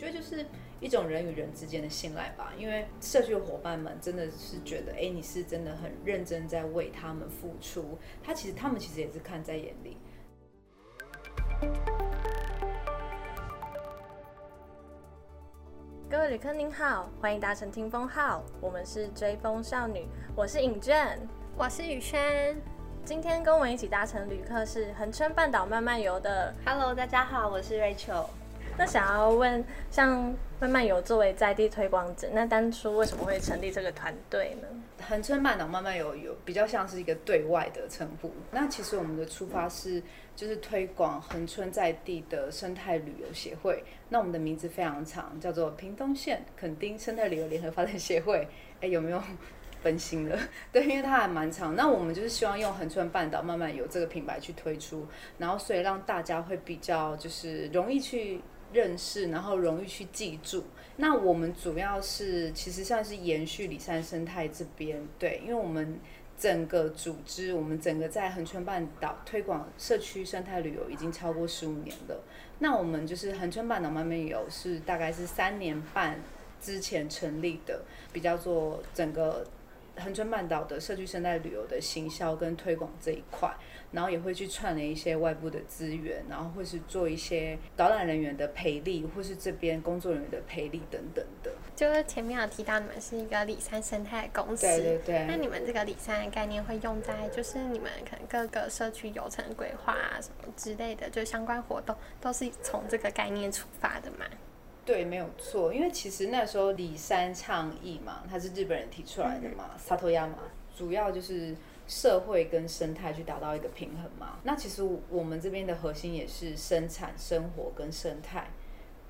覺得就是一種人與人之間的信賴吧，因為社區的夥伴們真的是覺得、欸，你是真的很認真在為他們付出，他其實他們其實也是看在眼裡。各位旅客您好，歡迎搭乘聽風號，我們是追風少女，我是尹娟，我是雨軒，今天跟我一起搭乘旅客是恆春半島慢慢遊的。Hello，大家好，我是 Rachel。那想要問，像慢慢遊作為在地推廣者，那當初為什麼會成立這個團隊呢？恆春半島慢慢遊，有比較像是一個對外的稱呼。那其實我們的出發是就是推廣恆春在地的生態旅遊協會。那我們的名字非常長，叫做屏東縣墾丁生態旅遊聯合發展協會。哎、欸，有沒有分心了？對，因為它還蠻長。那我們就是希望用恆春半島慢慢遊這個品牌去推出，然後所以讓大家會比較就是容易去。認識，然後容易去記住。那我們主要是其實算是延續里山生態這邊，對，因為我們整個組織，我們整個在恆春半島推廣社區生態旅遊已經超過十五年了。那我們就是恆春半島慢慢遊是大概是三年半之前成立的，比較做整個恆春半島的社區生態旅遊的行銷跟推廣這一塊。然後也會去串了一些外部的資源，然後或是做一些導覽人員的培力，或是這邊工作人員的培力等等的。就是前面有提到你們是一個里山生態公司，對對對。那你們這個里山的概念會用在，就是你們可能各個社區遊程規劃啊什麼之類的，就相關活動都是從這個概念出發的嘛？對，沒有錯。因為其實那時候里山倡議嘛，它是日本人提出來的嘛，薩、嗯、托亞嘛，主要就是。社會跟生態去達到一個平衡嘛？那其實我們這邊的核心也是生產生活跟生態。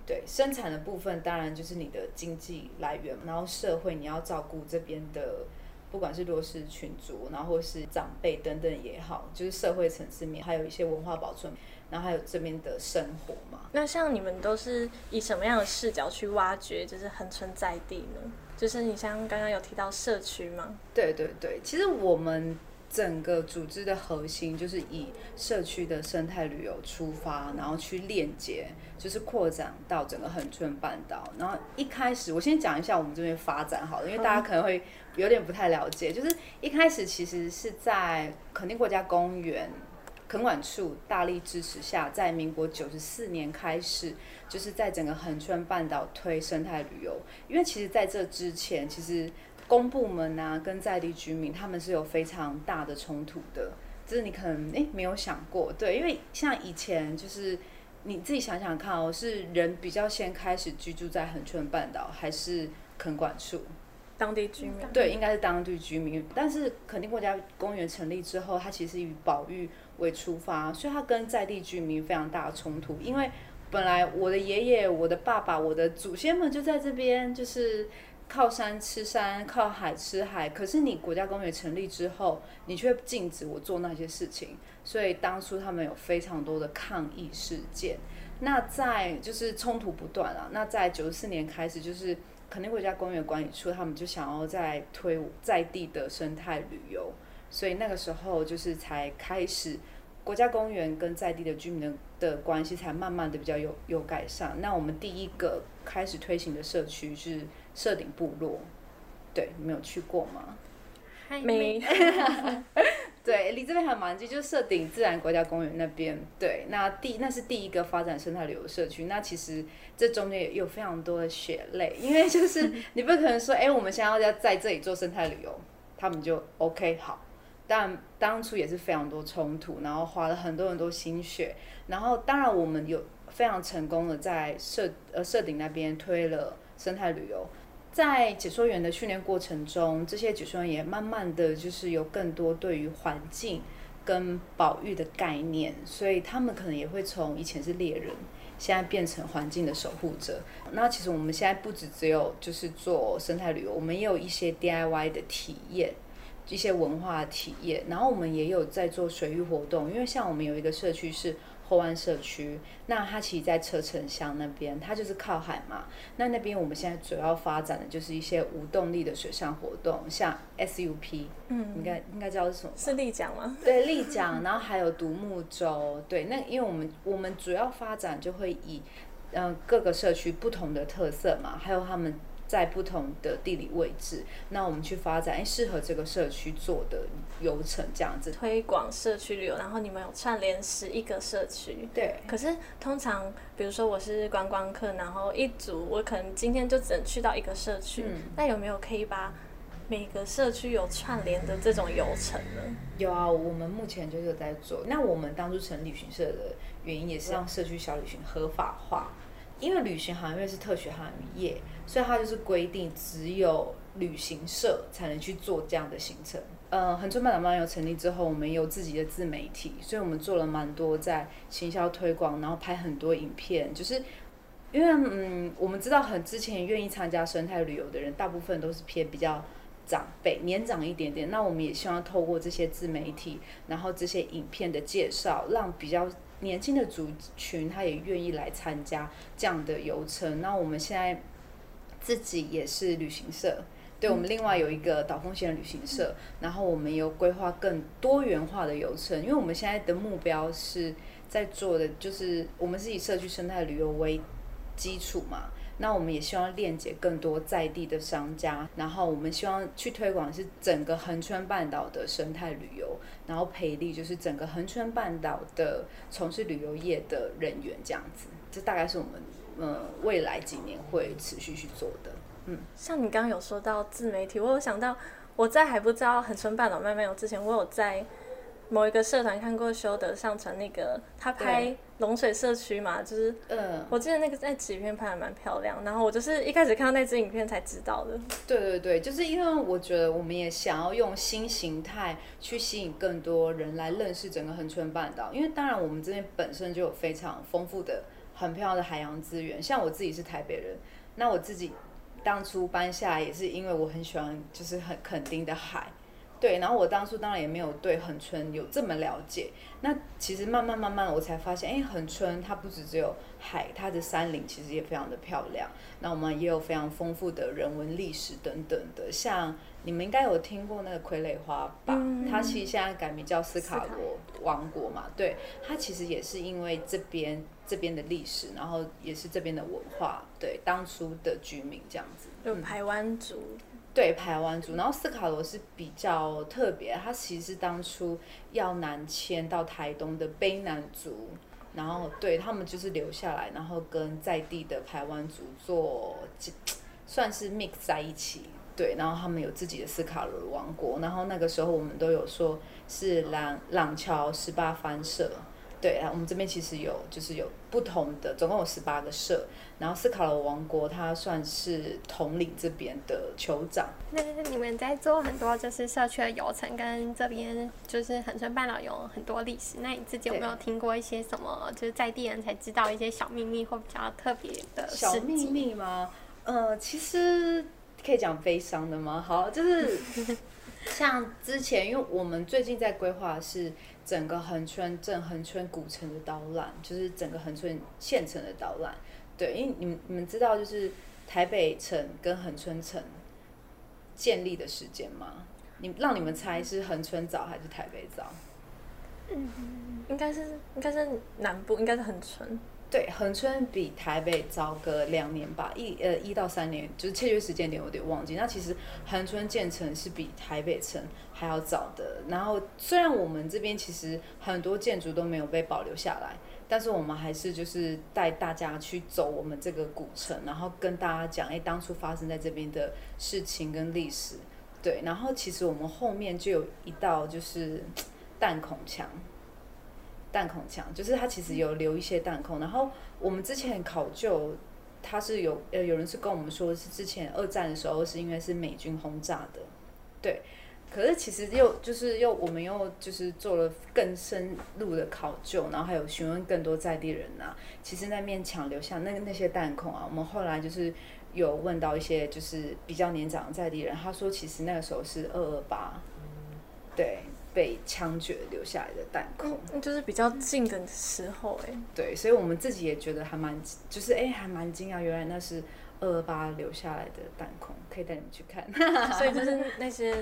對，生產的部分當然就是你的經濟來源，然後社會你要照顧這邊的不管是弱勢群族，然後或是長輩等等也好，就是社會層次面，還有一些文化保存，然後還有這邊的生活嘛。那像你們都是以什麼樣的視角去挖掘，就是恆春在地呢？就是你像剛剛有提到社區嗎？對對對，其實我們。整個組織的核心就是以社區的生態旅遊出發，然後去鏈接，就是擴展到整個恆春半島。然後一開始，我先講一下我們這邊發展好了，因為大家可能會有點不太了解，嗯、就是一開始其實是在墾丁國家公園墾管處大力支持下，在民國九十四年開始，就是在整個恆春半島推生態旅遊。因為其實在這之前，其實公部門啊，跟在地居民他們是有非常大的衝突的，這是你可能誒、欸、沒有想過，對，因為像以前就是你自己想想看哦，是人比較先開始居住在恆春半島，還是墾管處？當地居民。對，應該是當地居民，但是墾丁國家公園成立之後，他其實以保育為出發，所以他跟在地居民非常大的衝突，因為本來我的爺爺、我的爸爸、我的祖先們就在這邊，就是。靠山吃山，靠海吃海。可是你國家公園成立之後，你卻禁止我做那些事情，所以當初他們有非常多的抗議事件。那在就是衝突不斷啊。那在九四年開始，就是墾丁國家公園管理處他們就想要在推在地的生態旅遊，所以那個時候就是才開始國家公園跟在地的居民的的關係才慢慢的比較有有改善。那我們第一個開始推行的社區就是。社頂部落，對，你沒有去過嗎？沒。 對，離這邊還蠻近，就是社頂自然國家公園那邊。對，那第那是第一個發展生態旅遊社區。那其實這中間也有非常多的血淚，因為就是你不可能說，哎、 欸，我們現在要在這裡做生態旅遊，他們就 OK 好。但當初也是非常多衝突，然後花了很多很多心血。然後當然我們有非常成功的在社呃社頂那邊推了生態旅遊。在解說員的訓練過程中，這些解說員也慢慢的就是有更多對於環境跟保育的概念，所以他們可能也會從以前是獵人，現在變成環境的守護者。那其實我們現在不只只有就是做生態旅遊，我們也有一些 DIY 的體驗，一些文化體驗，然後我們也有在做水域活動，因為像我們有一個社區是。後灣社區，那它其實在車城鄉那邊，它就是靠海嘛。那那邊我們現在主要發展的就是一些無動力的水上活動，像 SUP，嗯，應該應該叫什麼？是立槳嗎？對，立槳。然後還有獨木舟。對，那因為我們我們主要發展就會以，嗯、呃，各個社區不同的特色嘛，還有他們。在不同的地理位置，那我們去發展哎，適合這個社區做的遊程這樣子，推廣社區旅遊。然後你們有串聯十一個社區，對。可是通常，比如說我是觀光客，然後一組我可能今天就只能去到一個社區，嗯，那有沒有可以把每個社區有串聯的這種遊程呢？有啊，我們目前就是有在做。那我們當初成立旅行社的原因，也是讓社區小旅行合法化。Yeah. 因為旅行行業是特許行業，業，所以它就是規定只有旅行社才能去做這樣的行程。嗯、呃，恆春半島慢慢遊成立之後，我們有自己的自媒體，所以我們做了蠻多在行銷推廣，然後拍很多影片。就是因為嗯，我們知道很之前願意參加生態旅遊的人，大部分都是偏比較長輩、年長一點點。那我們也希望透過這些自媒體，然後這些影片的介紹，讓比較。年輕的族群，他也願意來參加這樣的遊程。那我們現在自己也是旅行社，對我們另外有一個島風閒旅行社，嗯，然後我們有規劃更多元化的遊程，因為我們現在的目標是在做的，就是我們是以社區生態旅遊為基礎嘛。那我們也希望鏈接更多在地的商家，然後我們希望去推廣是整個恆春半島的生態旅遊，然後培力就是整個恆春半島的從事旅遊業的人員，這樣子，這大概是我們嗯、呃、未來幾年會持續去做的。嗯，像你剛剛有說到自媒體，我有想到我在還不知道恆春半島慢慢遊之前，我有在。某一個社團看過修德上傳那個，他拍龍水社區嘛，就是，嗯，我記得那個在紀錄片拍的蠻漂亮。然後我就是一開始看到那支影片才知道的。對對對，就是因為我覺得我們也想要用新形態去吸引更多人來認識整個恆春半島，因為當然我們這邊本身就有非常豐富的、很漂亮的海洋資源。像我自己是台北人，那我自己當初搬下來也是因為我很喜歡，就是很墾丁的海。對，然後我當初當然也沒有對恆春有這麼了解。那其實慢慢慢慢，我才發現，哎，恆春它不止只有海，它的山林其實也非常的漂亮。那我們也有非常豐富的人文歷史等等的，像你們應該有聽過那個傀儡花吧？嗯，它其實現在改名叫斯卡羅王國嘛。對，它其實也是因為這邊這邊的歷史，然後也是這邊的文化，對，當初的居民這樣子。就、嗯、排灣族。對，排灣族，然後斯卡羅是比較特別，他其實是當初要南遷到台東的卑南族，然後對他們就是留下來，然後跟在地的排灣族做，算是 mix 在一起。對，然後他們有自己的斯卡羅王國，然後那個時候我們都有說是瑯，瑯嶠十八番社。對啊，我們這邊其實有，就是有不同的，總共有十八個社。然後斯卡羅王國，它算是統領這邊的酋長。那你們在做很多，就是社區的遊程跟這邊，就是恆春半島有很多歷史。那你自己有沒有聽過一些什麼，就是在地人才知道一些小秘密或比較特別的小秘密嗎？呃，其實可以講悲傷的嗎？好，就是。 像之前，因為我們最近在規劃是整個恆春鎮恆春古城的導覽，就是整個恆春縣城的導覽。對，因為你們你們知道，就是台北城跟恆春城建立的時間嗎？你讓你們猜是恆春早還是台北早？嗯，應該是應該是南部，應該是恆春。對，恆春比台北早個兩年吧，一呃一到三年，就是確切時間點我有點忘記。那其實恆春建成是比台北城還要早的。然後雖然我們這邊其實很多建築都沒有被保留下來，但是我們還是就是帶大家去走我們這個古城，然後跟大家講哎、欸，當初發生在這邊的事情跟歷史。對，然後其實我們後面就有一道就是彈孔牆。彈孔牆就是它，其實有留一些彈孔。然後我們之前考究，他是有呃有人是跟我們說是之前二戰的時候，是因為是美軍轟炸的，對。可是其實又就是又我們又就是做了更深入的考究，然後還有詢問更多在地人吶、啊。其實那面牆留下那個那些彈孔啊，我們後來就是有問到一些就是比較年長的在地人，他說其實那個時候是二二八，對。被槍決留下來的彈孔，那、嗯、就是比較近的時候哎、欸。對，所以我們自己也覺得還蠻，就是哎、欸、還蠻驚訝，原來那是二二八留下來的彈孔，可以帶你們去看。所以就是那些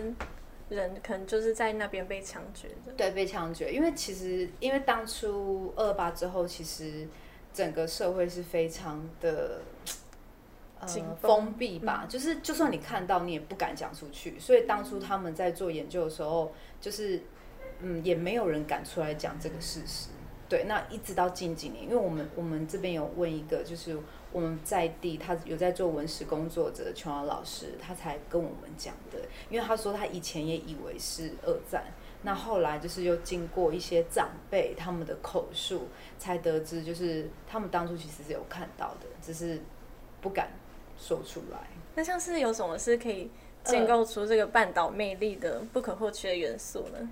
人可能就是在那邊被槍決的 對，被槍決，因為其實因為當初二二八之後，其實整個社會是非常的，呃、封閉吧、嗯，就是就算你看到，你也不敢講出去。所以當初他們在做研究的時候。就是，嗯，也沒有人敢出來講這個事實，嗯。對，那一直到近幾年，因為我們我們這邊有問一個，就是我們在地，他有在做文史工作者，瓊瑤老師，他才跟我們講的。因為他說他以前也以為是二戰，那後來就是又經過一些長輩他們的口述，才得知就是他們當初其實是有看到的，只是不敢說出來。那像是有什麼事可以？建構出這個半島魅力的不可或缺的元素呢？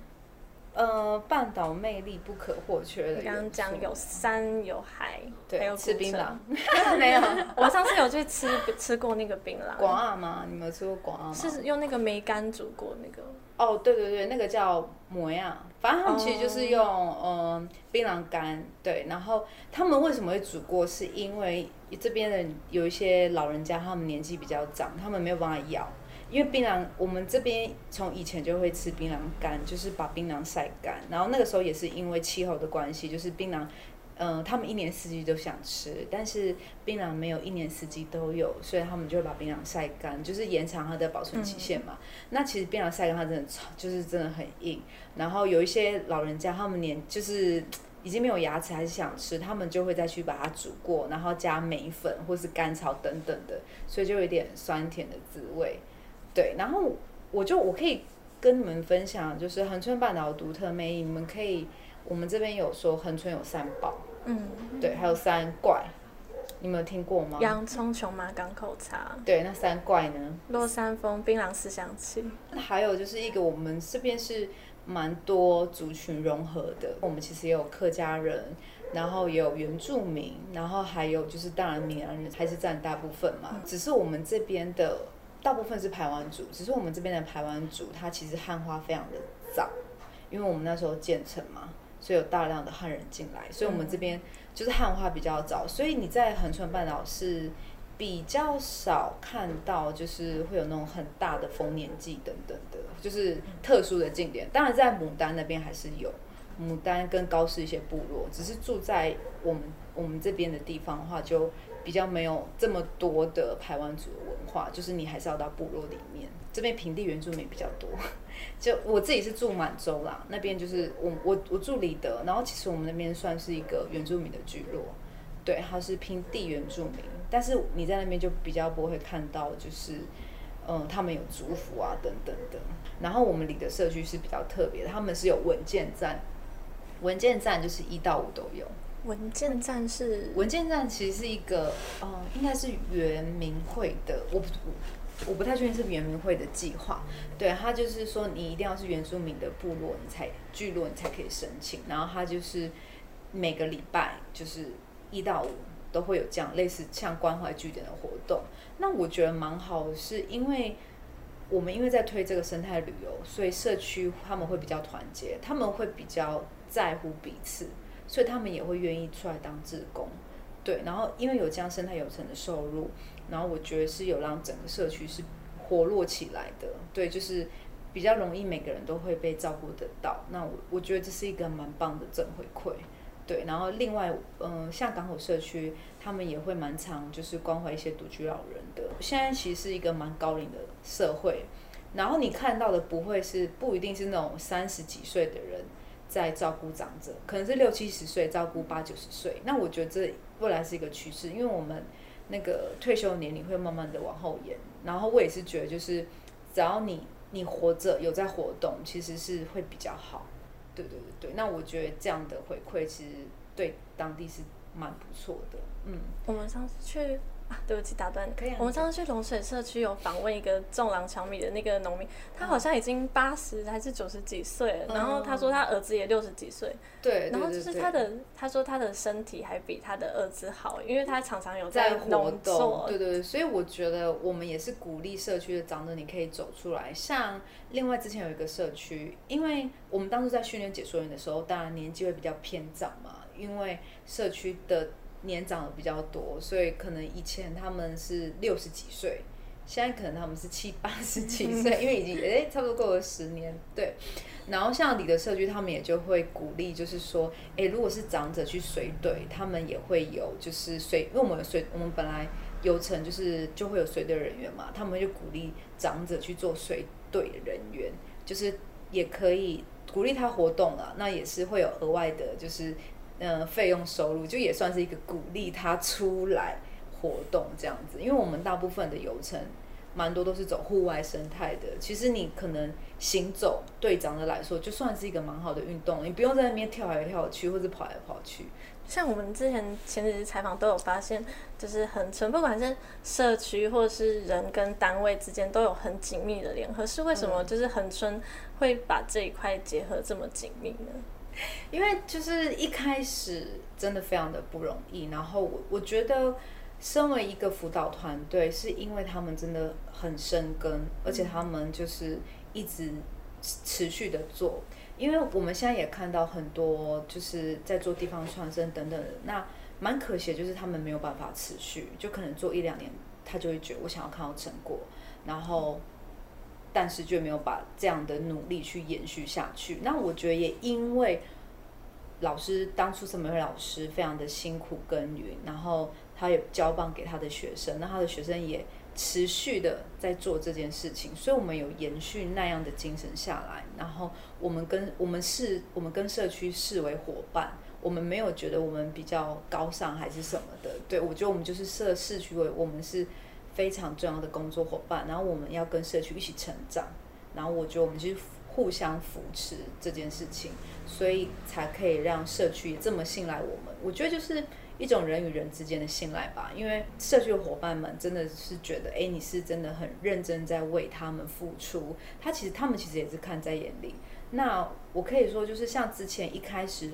呃，半島魅力不可或缺的。剛剛講有山，啊，有海，對，還有吃檳榔。 沒有， 沒有 我上次有去吃吃過那個檳榔。廣亞，啊，嗎？你沒有吃過廣，啊，嗎？是用那個梅乾煮過那個。哦，oh,，對對對，那個叫模樣。反正他們其實就是用嗯檳，oh. 呃，榔乾，對。然後他們為什麼會煮過？是因為這邊的有一些老人家，他們年紀比較長，他們沒有辦法咬。因為檳榔，我們這邊從以前就會吃檳榔乾，就是把檳榔曬乾。然後那個時候也是因為氣候的關係，就是檳榔，嗯、呃，他們一年四季都想吃，但是檳榔沒有一年四季都有，所以他們就會把檳榔曬乾，就是延長它的保存期限嘛。嗯、那其實檳榔曬乾它真的超，就是真的很硬。然後有一些老人家，他們年就是已經沒有牙齒還是想吃，他們就會再去把它煮過，然後加梅粉或是甘草等等的，所以就有點酸甜的滋味。對，然後我就我可以跟你們分享，就是恆春半島的獨特魅力。你們可以，我們這邊有說恆春有三寶，嗯，對，還有三怪，你們有聽過嗎？洋蔥、瓊麻、港口茶。對，那三怪呢？落山風、檳榔、思想起。那還有就是一個，我們這邊是蠻多族群融合的。我們其實也有客家人，然後也有原住民，然後還有就是當然閩南人還是佔大部分嘛。嗯。只是我們這邊的。大部分是排灣族，只是我們這邊的排灣族，它其實漢化非常的早，因為我們那時候建城嘛，所以有大量的漢人進來，所以我們這邊就是漢化比較早，所以你在恆春半島是比較少看到，就是會有那種很大的豐年祭等等的，就是特殊的景點。當然在牡丹那邊還是有，牡丹跟高士一些部落，只是住在我們我們這邊的地方的話就。比較沒有這麼多的排灣族的文化，就是你還是要到部落裡面。這邊平地原住民比較多，就我自己是住滿州啦，那邊就是我我我住里德，然後其實我們那邊算是一個原住民的聚落，對，它是平地原住民，但是你在那邊就比較不會看到，就是嗯，他們有族服啊等等的。然後我們里德社區是比較特別的，他們是有文件站，文件站就是一到五都有。文件站是文件站，其實是一個、呃、應該是原民會的，我不，我、我不太確定是原民會的計劃。對，他就是說，你一定要是原住民的部落，你才聚落，你才可以申請。然後他就是每個禮拜就是一到五都會有這樣類似像關懷據點的活動。那我覺得蠻好，是因為我們因為在推這個生態旅遊，所以社區他們會比較團結，他們會比較在乎彼此。所以他們也會願意出來當志工，對，然後因為有這樣生態有成的收入，然後我覺得是有讓整個社區是活絡起來的，對，就是比較容易每個人都會被照顧得到。那我我覺得這是一個蠻棒的正回饋，對。然後另外，嗯、呃，像港口社區，他們也會蠻常就是關懷一些獨居老人的。現在其實是一個蠻高齡的社會，然後你看到的不會是不一定是那種三十幾歲的人。在照顧長者，可能是六七十歲照顧八九十歲，那我覺得這未來是一個趨勢，因為我們那個退休年齡會慢慢的往後延。然後我也是覺得，就是只要你你活着有在活動，其實是會比較好。對對對對，那我覺得這樣的回饋其實對當地是蠻不錯的。嗯，我們上次去。啊，對不起，打斷你。可以。我們上次去龍水社區有訪問一個種瑯嶠米的那個農民，哦，他好像已經八十還是九十幾歲了，哦。然後他說他兒子也六十幾歲。對、嗯。然後就是他的對對對對，他說他的身體還比他的兒子好，因為他常常有在，在活動。對，對對。所以我覺得我們也是鼓勵社區的長者，你可以走出來。像另外之前有一個社區，因為我們當初在訓練解說員的時候，當然年紀會比較偏長嘛，因為社區的。年長的比較多，所以可能以前他們是六十幾歲，現在可能他們是七八十幾歲，因為已經哎、欸、差不多過了十年。對，然後像你的社區，他們也就會鼓勵，就是說，哎、欸，如果是長者去隨隊，他們也會有就是隨，因為我們隨我們本來有成就是就會有隨隊人員嘛，他們就鼓勵長者去做隨隊人員，就是也可以鼓勵他活動了，那也是會有額外的，就是。嗯、呃，費用收入就也算是一個鼓勵他出來活動這樣子，因為我們大部分的遊程，蠻多都是走戶外生態的。其實你可能行走對長者來說，就算是一個蠻好的運動，你不用在那邊跳來跳去或者跑來跑去。像我們之前前幾次採訪都有發現，就是恆春不管是社區或者是人跟單位之間都有很緊密的聯合，是為什麼？就是恆春會把這一塊結合這麼緊密呢？因為就是一開始真的非常的不容易，然後我我覺得身為一個輔導團隊，是因為他們真的很深耕，而且他們就是一直持續的做。因為我們現在也看到很多就是在做地方創生等等，那蠻可惜的就是他們沒有辦法持續，就可能做一兩年他就會覺得我想要看到成果，然後。但是就沒有把這樣的努力去延續下去。那我覺得也因為老師當初陳美惠老師非常的辛苦耕耘，然後他也交棒給他的學生，那他的學生也持續的在做這件事情，所以我們有延續那樣的精神下來。然後我們跟我們是我們跟社區視為伙伴，我們沒有覺得我們比較高尚還是什麼的。對，我覺得我們就是社市區為我們是。非常重要的工作夥伴，然後我們要跟社區一起成長，然後我覺得我們就是互相扶持這件事情，所以才可以讓社區也這麼信賴我們。我覺得就是一種人與人之間的信賴吧，因為社區的夥伴們真的是覺得，哎，你是真的很認真在為他們付出，他其實他們其實也是看在眼裡。那我可以說，就是像之前一開始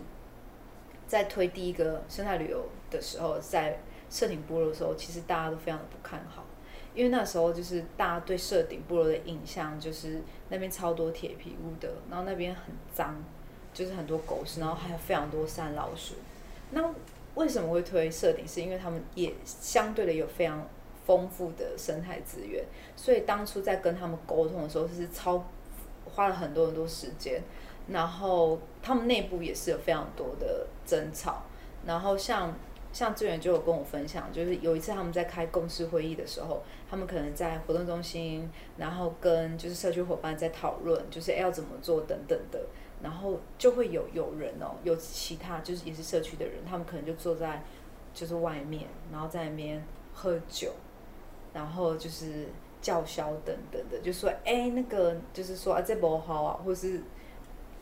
在推第一個生態旅遊的時候，在社頂部落的時候，其實大家都非常的不看好。因為那時候就是大家對社頂部落的印象就是那邊超多鐵皮屋的，然後那邊很髒，就是很多狗屎，然後還有非常多山老鼠。那為什麼會推社頂？是因為他們也相對的有非常豐富的生態資源，所以當初在跟他們溝通的時候就是超花了很多很多時間，然後他們內部也是有非常多的爭吵，然後像。像志遠就有跟我分享，就是有一次他們在開共識會議的時候，他們可能在活動中心，然後跟就是社區伙伴在討論，就是、欸、要怎麼做等等的，然後就會有有人哦、喔，有其他就是也是社區的人，他們可能就坐在就是外面，然後在那邊喝酒，然後就是叫囂等等的，就說哎、欸、那個就是說啊這不好啊，或是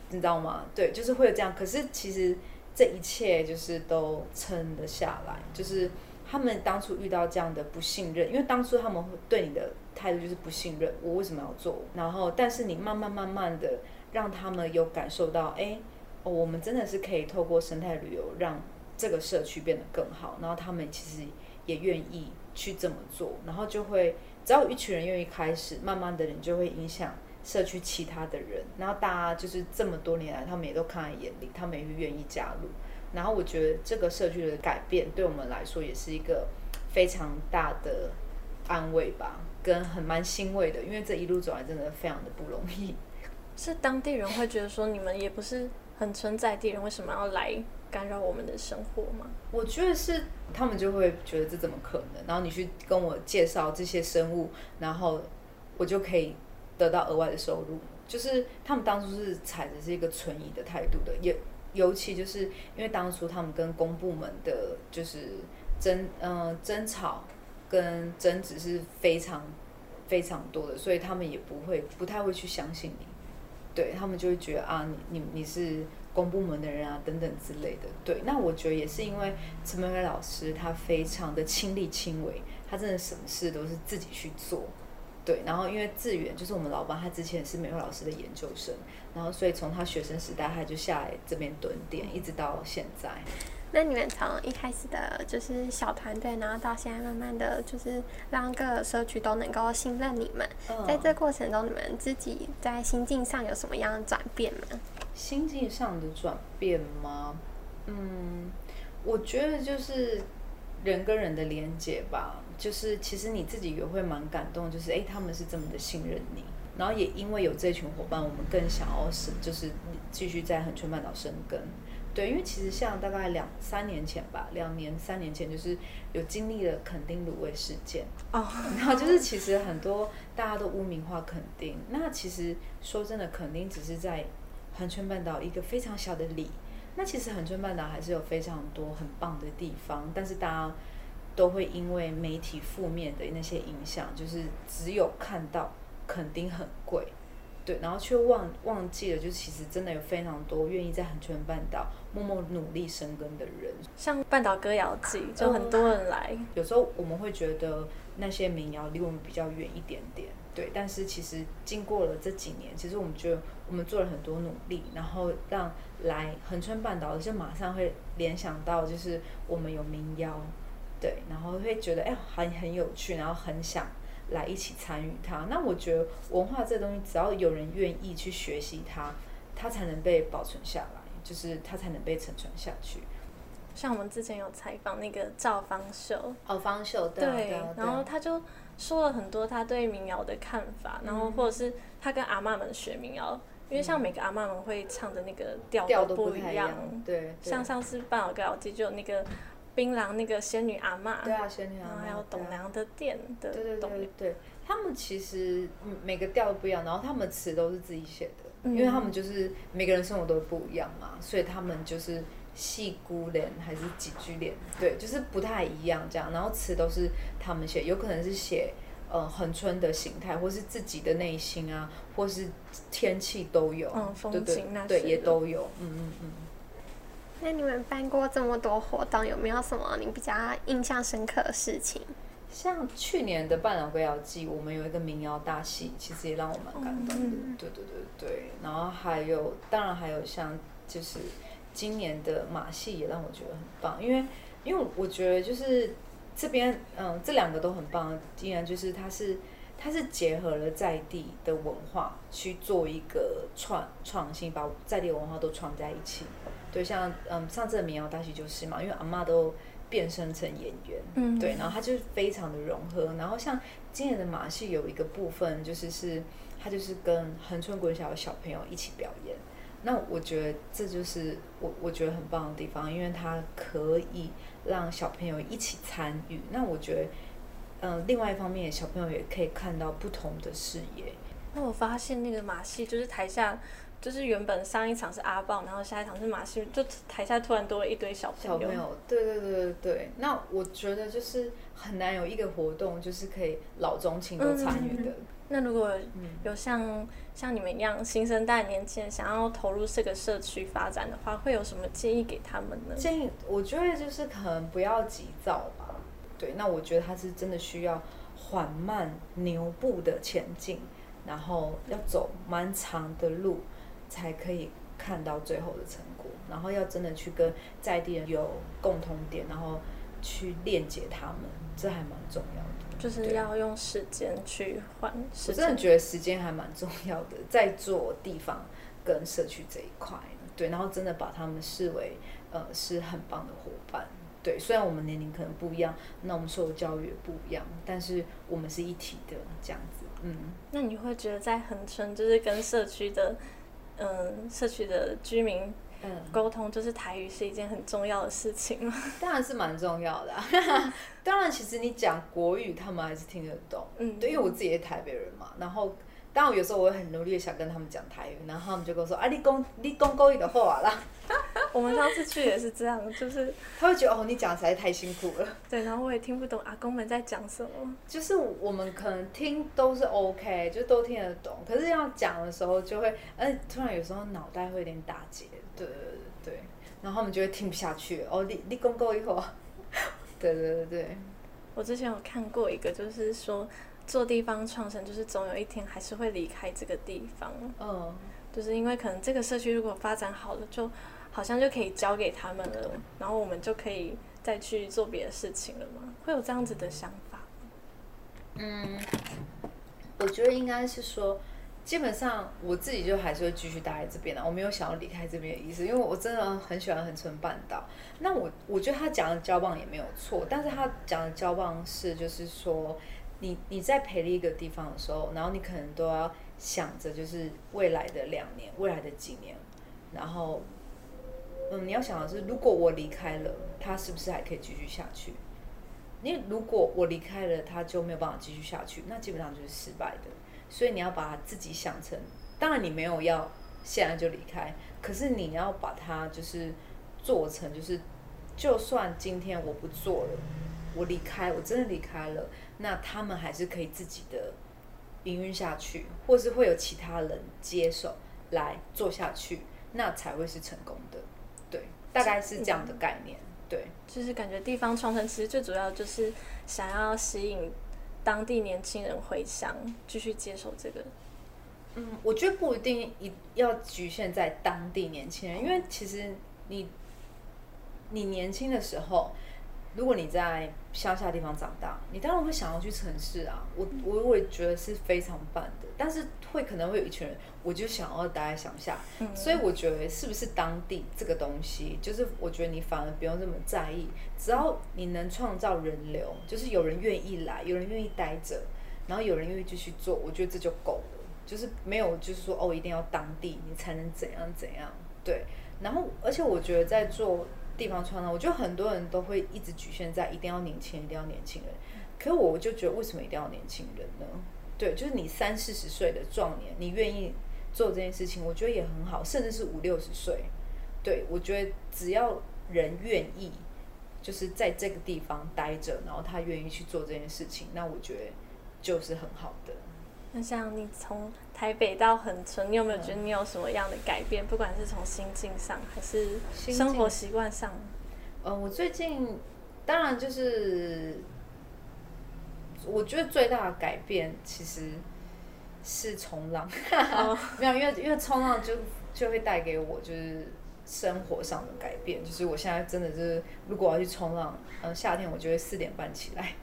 你知道嗎？對，就是會有這樣，可是其實。這一切就是都撐得下來，就是他們當初遇到這樣的不信任，因為當初他們對你的態度就是不信任，我為什麼要做？然後，但是你慢慢慢慢的讓他們有感受到，哎、欸哦，我們真的是可以透過生態旅遊讓這個社區變得更好，然後他們其實也願意去這麼做，然後就會只要一群人願意開始，慢慢的人就會影響社區其他的人，然後大家就是這麼多年來，他們也都看在眼裡，他們也願意加入。然後我覺得這個社區的改變對我們來說也是一個非常大的安慰吧，跟很蠻欣慰的，因為這一路走來真的非常的不容易。是當地人會覺得說你們也不是很存在地人，為什麼要來干擾我們的生活嗎？我覺得是，他們就會覺得這怎麼可能？然後你去跟我介紹這些生物，然後我就可以。得到額外的收入，就是他們當初是採的是一個存疑的態度的，也尤其就是因為當初他們跟公部門的，就是爭嗯、呃、爭吵跟爭執是非常非常多的，所以他們也不會不太會去相信你，對他們就會覺得啊你你你是公部門的人啊等等之類的，對，那我覺得也是因為陳美惠老師他非常的親力親為，他真的什麼事都是自己去做。對，然後因為志遠就是我們老闆，他之前是美術老師的研究生，然後所以從他學生時代他就下來這邊蹲點，嗯，一直到現在。那你們從一開始的就是小團隊，然後到現在慢慢的就是讓各個社區都能夠信任你們，嗯，在這過程中，你們自己在心境上有什麼樣的轉變嗎？心境上的轉變嗎？嗯，我覺得就是人跟人的連接吧。就是其實你自己也會蠻感動，就是誒、哎，他們是這麼的信任你，然後也因為有這群夥伴，我們更想要是就是繼續在恆春半島生根。對，因為其實像大概兩三年前吧，兩年三年前就是有經歷了墾丁滷味事件哦，oh. 然後就是其實很多大家都污名化墾丁，那其實說真的墾丁只是在恆春半島一個非常小的里，那其實恆春半島還是有非常多很棒的地方，但是大家，都會因為媒體負面的那些影響，就是只有看到肯定很貴，對，然後卻忘忘記了，就是其實真的有非常多願意在恆春半島默默努力生根的人，像半島歌謠季，啊、就很多人來，嗯。有時候我們會覺得那些民謠離我們比較遠一點點，對，但是其實經過了這幾年，其實我們覺得我們做了很多努力，然後讓來恆春半島的就馬上會聯想到，就是我們有民謠。對，然後會覺得哎，還很有趣，然後很想來一起參與它。那我覺得文化這東西，只要有人願意去學習它，它才能被保存下來，就是它才能被承傳下去。像我們之前有採訪那個趙方秀，哦，方秀對，對、啊對、啊對、啊對啊，然後他就說了很多他對民謠的看法，嗯、然後或者是他跟阿嬤們學民謠，嗯，因為像每個阿嬤們會唱的那個調調都不一樣，不一樣對，對，像上次辦了個老街，就有那個。檳榔那個仙女阿嬤，對啊，仙女阿嬤，還有董良的店的對、啊、對對、對、對，他們其實每個調都不一樣，然後他們詞都是自己寫的，嗯、因為他們就是每個人生活都不一樣嘛，所以他們就是戲姑聯還是幾句聯，對，就是不太一樣這樣，然後詞都是他們寫，有可能是寫呃恆春的形態，或是自己的內心啊，或是天氣都有，嗯，對對風景那些，對，也都有，嗯嗯嗯。嗯那、哎，你們辦過這麼多活動，有沒有什麼你比較印象深刻的事情？像去年的《半島歌謠季》，我們有一個民謠大戲，其實也讓我蠻感動的，嗯。對對對對，然後還有，當然還有像就是今年的馬戲也讓我覺得很棒，因為因為我覺得就是這邊嗯這兩個都很棒，竟然就是它是。它是結合了在地的文化去做一個創創新，把在地的文化都串在一起。對，像嗯上次的民謠大戲就是嘛，因為阿嬤都變身成演員，嗯，對，然後它就是非常的融合。然後像今年的馬戲有一個部分，就是是它就是跟恆春國小的小朋友一起表演。那我覺得這就是我我覺得很棒的地方，因為它可以讓小朋友一起參與。那我覺得。嗯，另外一方面，小朋友也可以看到不同的視野。那我發現那個馬戲就是台下，就是原本上一場是阿豹，然後下一場是馬戲，就台下突然多了一堆小朋友。小朋友，對對對對對。那我覺得就是很難有一個活動，就是可以老中青都參與的。嗯，那如果有像像你們一樣新生代年輕人想要投入這個社區發展的話，會有什麼建議給他們呢？建議，我覺得就是可能不要急躁。對，那我覺得他是真的需要緩慢牛步的前進，然後要走蠻長的路，才可以看到最後的成果。然後要真的去跟在地人有共同點，然後去鏈接他們，這還蠻重要的。就是要用時間去換時間。我真的覺得時間還蠻重要的，在做地方跟社區這一塊，對，然後真的把他們視為呃，是很棒的伙伴。對，雖然我們年齡可能不一樣，那我們受的教育也不一樣，但是我們是一體的這樣子。嗯，那你會覺得在恆春就是跟社區的，嗯，呃，社區的居民，嗯，溝通就是台語是一件很重要的事情嗎？嗯，當然是蠻重要的啊。 當然，其實你講國語他們還是聽得懂。嗯，對，因為我自己是台北人嘛，然後。但我有時候我也很努力的想跟他們講台語，然後他們就跟我說：“啊，你講你講國語就好了啦。”我們上次去也是這樣，就是他會覺得哦，你講實在太辛苦了。對，然後我也聽不懂阿公們在講什麼。就是我們可能聽都是 OK，就都聽得懂，可是要講的時候就會，哎，突然有時候腦袋會有點打結。對對對，對，對然後他們就會聽不下去。哦，你你講國語就好。對對對對。我之前有看過一個，就是說。做地方創生，就是總有一天還是會離開這個地方。嗯，就是因為可能這個社區如果發展好了，就好像就可以交給他們了，然後我們就可以再去做別的事情了嘛。會有這樣子的想法？嗯，我覺得應該是說，基本上我自己就還是會繼續待在這邊的啊。我沒有想要離開這邊的意思，因為我真的很喜歡恆春半島。那我我覺得他講的交棒也沒有錯，但是他講的交棒是就是說。你你在陪了一個地方的時候，然後你可能都要想着，就是未來的兩年，未來的幾年，然後，嗯，你要想的是，如果我離開了，他是不是還可以繼續下去？因為如果我離開了，他就沒有辦法繼續下去，那基本上就是失敗的。所以你要把它自己想成，當然你沒有要現在就離開，可是你要把它就是做成，就是就算今天我不做了，我離開，我真的離開了。那他們還是可以自己的營運下去，或是會有其他人接手來做下去，那才會是成功的。對，大概是這樣的概念。對，就是感覺地方創生其實最主要就是想要吸引當地年輕人回鄉繼續接受這個。嗯，我覺得不一定一要侷限在當地年輕人，因為其實你你年輕的時候。如果你在鄉下地方長大，你當然會想要去城市啊，我我我也覺得是非常棒的，但是會可能會有一群人，我就想要待在鄉下，所以我覺得是不是當地這個東西，就是我覺得你反而不用這麼在意，只要你能創造人流，就是有人願意來，有人願意待着，然後有人願意繼續做，我覺得這就夠了，就是沒有就是說哦一定要當地你才能怎樣怎樣，對，然後而且我覺得在做。地方穿了，我覺得很多人都會一直局限在一定要年輕，一定要年輕人。可我我就覺得，為什麼一定要年輕人呢？對，就是你三四十歲的壯年，你願意做這件事情，我覺得也很好。甚至是五六十歲，對，我覺得只要人願意，就是在這個地方待着，然後他願意去做這件事情，那我覺得就是很好的。那像你從台北到恆春，你有沒有覺得你有什麼樣的改變？嗯、不管是從心境上還是生活習慣上？呃，我最近當然就是，我覺得最大的改變其實是衝浪， oh. 沒有，因為因為衝浪就就會帶給我就是生活上的改變。就是我現在真的是，如果我要去衝浪，嗯，夏天我就會四點半起來。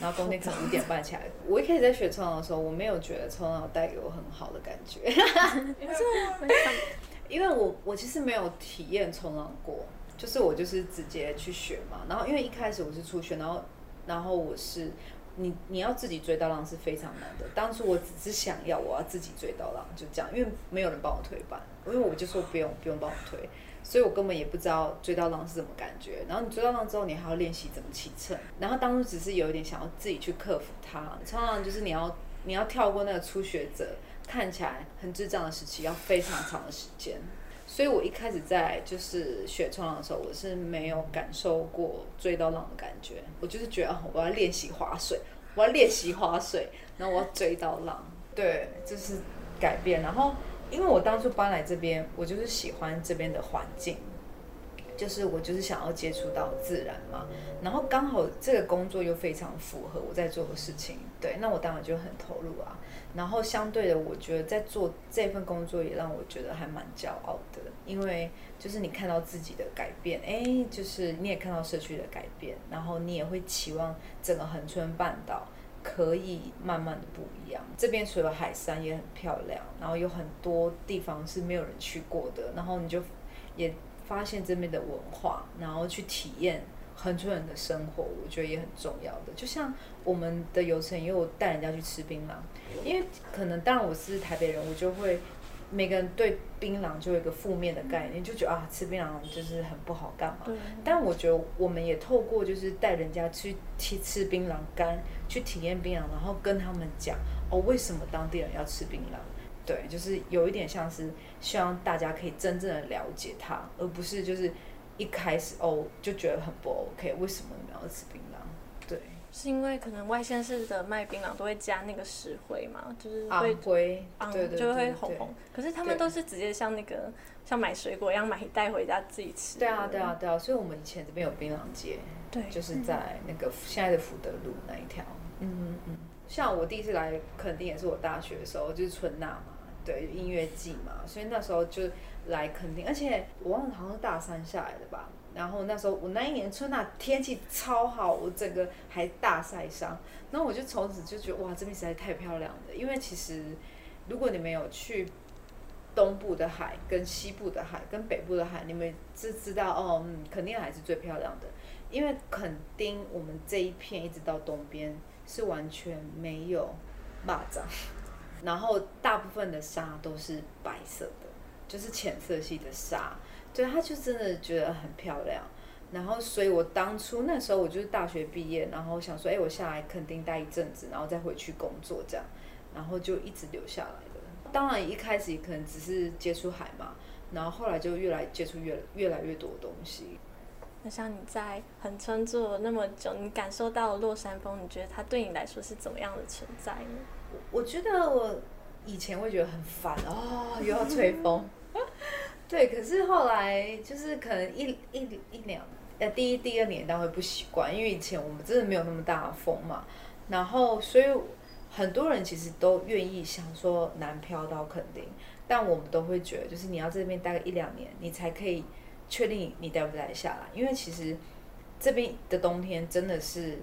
然後工地可能五點半起來。我一開始在學衝浪的時候，我沒有覺得衝浪帶給我很好的感覺。 因為我我其實沒有體驗衝浪過，就是我就是直接去學嘛。然後因為一開始我是初學，然後然後我是你你要自己追到浪是非常難的。當初我只是想要我要自己追到浪，就這樣，因為沒有人幫我推板，因為我就說不用不用幫我推。所以我根本也不知道追到浪是什麼感覺。然後你追到浪之後，你還要練習怎麼起乘。然後當初只是有一點想要自己去克服它。衝浪就是你要你要跳過那個初學者看起來很智障的時期，要非常長的時間。所以我一開始在就是學衝浪的時候，我是沒有感受過追到浪的感覺。我就是覺得、啊、我要練習划水，我要練習划水，然後我要追到浪。對，這、就是改變。然後。因為我當初搬來這邊，我就是喜歡這邊的環境，就是我就是想要接觸到自然嘛。然後剛好這個工作又非常符合我在做的事情，對，那我當然就很投入啊。然後相對的，我覺得在做這份工作也讓我覺得還蠻驕傲的，因為就是你看到自己的改變，欸，就是你也看到社區的改變，然後你也會期望整個恆春半島可以慢慢的不一樣，這邊除了海，山也很漂亮，然後有很多地方是沒有人去過的，然後你就也發現這邊的文化，然後去體驗很多人的生活，我覺得也很重要的。就像我們的遊程，因為我帶人家去吃檳榔，因為可能，當然，我是台北人，我就會。每個人對檳榔就有一個負面的概念，嗯、就覺得啊，吃檳榔就是很不好幹嘛、嗯。但我覺得我們也透過就是帶人家去去吃檳榔乾，去體驗檳榔，然後跟他們講哦，為什麼當地人要吃檳榔？對，就是有一點像是希望大家可以真正的了解它，而不是就是一開始哦就覺得很不 OK，為什麼你們要吃檳榔？是因為可能外縣市的賣檳榔都會加那個石灰嘛，就是會、啊、灰，嗯、對，對對對，就會紅紅對對對。可是他們都是直接像那個像買水果一樣買一袋回家自己吃。對啊，對啊，對啊。所以我們以前這邊有檳榔街，對，就是在那個現在的福德路那一條。嗯嗯嗯。像我第一次來墾丁也是我大學的時候，就是春吶嘛，對，音樂季嘛，所以那時候就來墾丁，而且我忘了好像是大三下來的吧。然後那時候我那一年春那、啊、天氣超好，我整個還大曬傷。然後我就從此就覺得哇，這邊實在太漂亮了。因為其實，如果你們有去東部的海，跟西部的海，跟北部的海，你們就知道哦，嗯，墾丁還是最漂亮的。因為墾丁我們這一片一直到東邊是完全沒有螞蚱，然後大部分的沙都是白色的，就是淺色系的沙。對，他就真的覺得很漂亮，然後，所以我當初那時候，我就是大學畢業，然後想說，哎，我下來肯定待一陣子，然後再回去工作這樣，然後就一直留下來的。當然，一開始可能只是接觸海嘛，然後後來就越來接觸越越來越多的東西。那像你在恆春做了那麼久，你感受到落山風，你覺得它對你來說是怎麼樣的存在呢？我我覺得我以前會覺得很煩哦，又要吹風。 對，可是後來就是可能一一一兩，呃，第一、第二年倒會不習慣，因為以前我們真的沒有那麼大的風嘛。然後，所以很多人其實都願意想說南漂到墾丁，但我們都會覺得，就是你要這邊待個一兩年，你才可以確定你待不待得下來。因為其實這邊的冬天真的是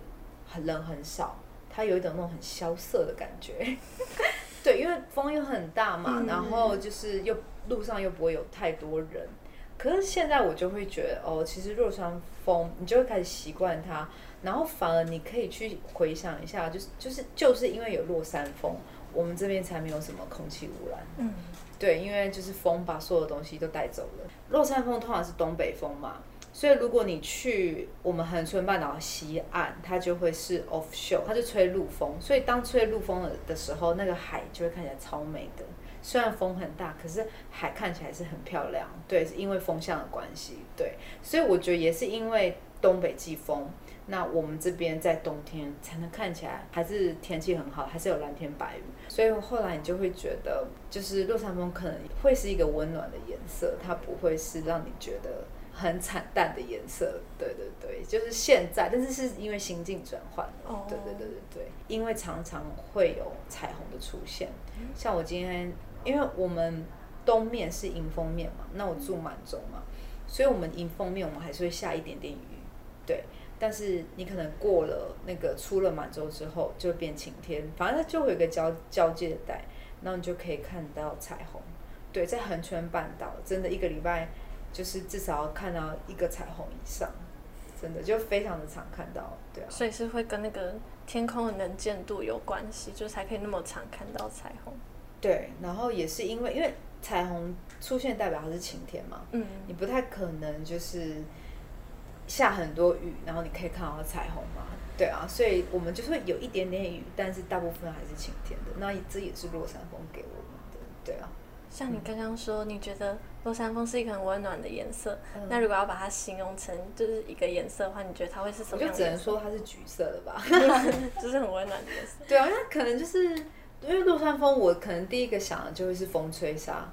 很冷、很少，它有一種那種很蕭瑟的感覺。 對，因為風又很大嘛，嗯、然後就是又。路上又不會有太多人，可是現在我就會覺得哦，其實落山風，你就會開始習慣它，然後反而你可以去回想一下，就是就是就是因為有落山風，我們這邊才沒有什麼空氣污染。嗯，對，因為就是風把所有的東西都帶走了。落山風通常是東北風嘛，所以如果你去我們恆春半島西岸，它就會是 offshore，它就吹陸風，所以當吹陸風的時候，那個海就會看起來超美的。雖然風很大，可是海看起來是很漂亮。對，是因為風向的關係。對，所以我覺得也是因為東北季風，那我們這邊在冬天才能看起來還是天氣很好，還是有藍天白雲。所以後來你就會覺得，就是落山風可能會是一個溫暖的顏色，它不會是讓你覺得很慘淡的顏色。對對對，就是現在，但是是因為心境轉換了。哦、oh。對對對對對，因為常常會有彩虹的出現，像我今天。因為我們東面是迎風面嘛，那我住滿洲嘛，所以我們迎風面我們還是會下一點點雨，對。但是你可能過了那個出了滿洲之後，就變晴天，反正它就會有一個交交界的帶，那你就可以看到彩虹。對，在恆春半島，真的一個禮拜就是至少要看到一個彩虹以上，真的就非常的常看到，對啊。所以是會跟那個天空的能見度有關係，就是才可以那麼常看到彩虹。對，然後也是因為，因為彩虹出現代表它是晴天嘛，嗯，你不太可能就是下很多雨，然後你可以看到彩虹嘛，對啊，所以我們就是會有一點點雨，但是大部分還是晴天的。那這也是落山風給我們的，對啊。像你剛剛說，嗯，你覺得落山風是一個很溫暖的顏色，嗯，那如果要把它形容成就是一個顏色的話，你覺得它會是什麼樣？我就只能說它是橘色的吧， 就是很溫暖的顏色。對啊，那可能就是。因為落山風，我可能第一個想的就會是風吹沙，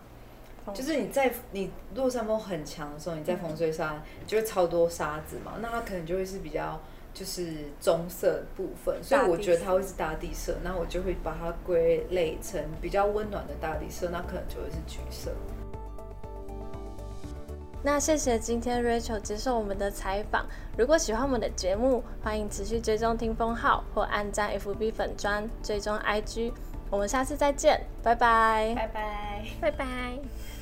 吹就是你在你落山風很強的時候，你在風吹沙就會超多沙子嘛，嗯，那它可能就會是比較就是棕色部分色，所以我覺得它會是大地色，那我就會把它歸類成比較溫暖的大地色，那可能就會是橘色。那謝謝今天 Rachel 接受我們的採訪。如果喜歡我們的節目，歡迎持續追蹤聽風號或按讚 FB 粉專追蹤 IG。我們下次再見，拜拜，拜拜，拜拜。拜拜。